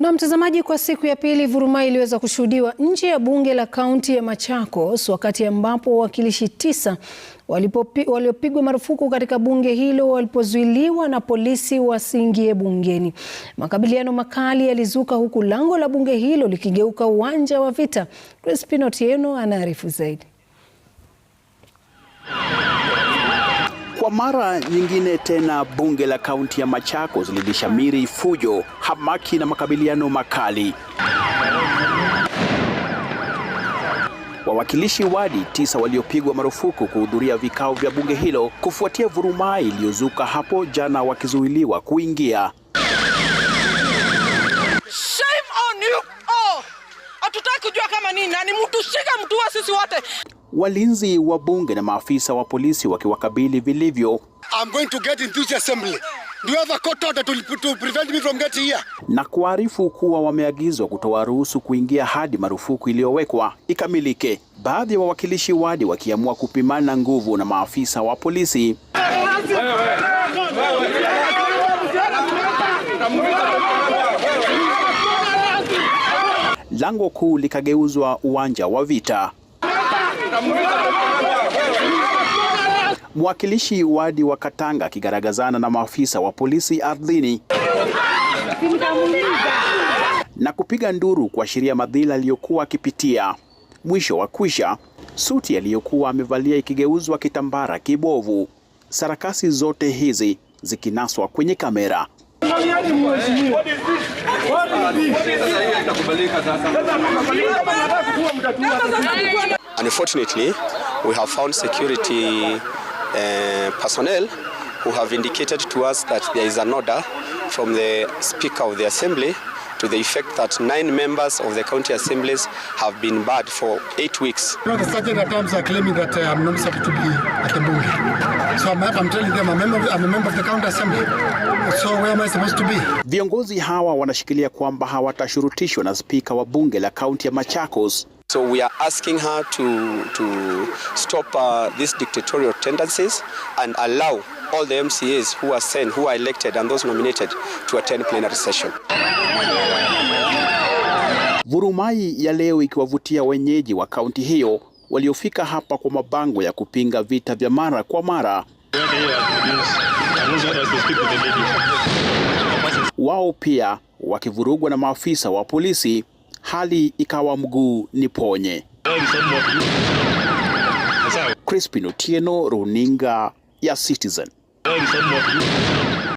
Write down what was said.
Na mtazamaji, kwa siku ya pili vurumai iliweza kushuhudiwa nje ya bunge la kaunti ya Machakos wakati ambapo wawakilishi tisa waliopigwa marufuku katika bunge hilo walipozuiliwa na polisi wasiingie bungeni. Makabiliano makali yalizuka huku lango la bunge hilo likigeuka uwanja wa vita. Crispin Otieno anaarifu zaidi. Kwa mara nyingine tena bunge la kaunti ya Machakos lilishamiri fujo, hamaki na makabiliano makali. Wawakilishi wadi tisa waliopigwa marufuku kuhudhuria vikao vya bunge hilo kufuatia vurumai iliyozuka hapo jana wakizuiliwa kuingia. Shame on you all. Hatutaki kujua kama nini na ni mtu shika mtu wa sisi wote walinzi wa bunge na maafisa wa polisi wakiwakabili vilivyo. Na kuarifu kuwa wameagizwa kutoa ruhusu kuingia hadi marufuku iliyowekwa ikamilike, baadhi ya wa wawakilishi wadi wakiamua kupimana nguvu na maafisa wa polisi. Lango kuu likageuzwa uwanja wa vita. Mwakilishi wadi wa Katanga akigaragazana na maafisa wa polisi ardhini na kupiga nduru kuashiria madhila aliyokuwa akipitia. Mwisho wa kwisha, suti aliyokuwa amevalia ikigeuzwa kitambara kibovu, sarakasi zote hizi zikinaswa kwenye kamera. Unfortunately, we have found security uh, personnel who have indicated to us that there is an order from the Speaker of the Assembly to the effect that nine members of the county assemblies have been barred for eight weeks. You know, the sergeant at times are claiming that uh, I'm not supposed to be at the board. So I'm, I'm telling them I'm a, member, of, I'm a member of the county assembly. So where am I supposed to be? Viongozi hawa wanashikilia kwamba hawatashurutishwa na spika wa bunge la kaunti ya Machakos So we are asking her to, to stop uh, these dictatorial tendencies and allow all the MCAs who are sent, who are elected and those nominated to attend plenary session. Vurumai ya leo ikiwavutia wenyeji wa kaunti hiyo waliofika hapa kwa mabango ya kupinga vita vya mara kwa mara. Wao pia wakivurugwa na maafisa wa polisi hali ikawa mguu ponye. Crispin Otieno, runinga ya Citizen.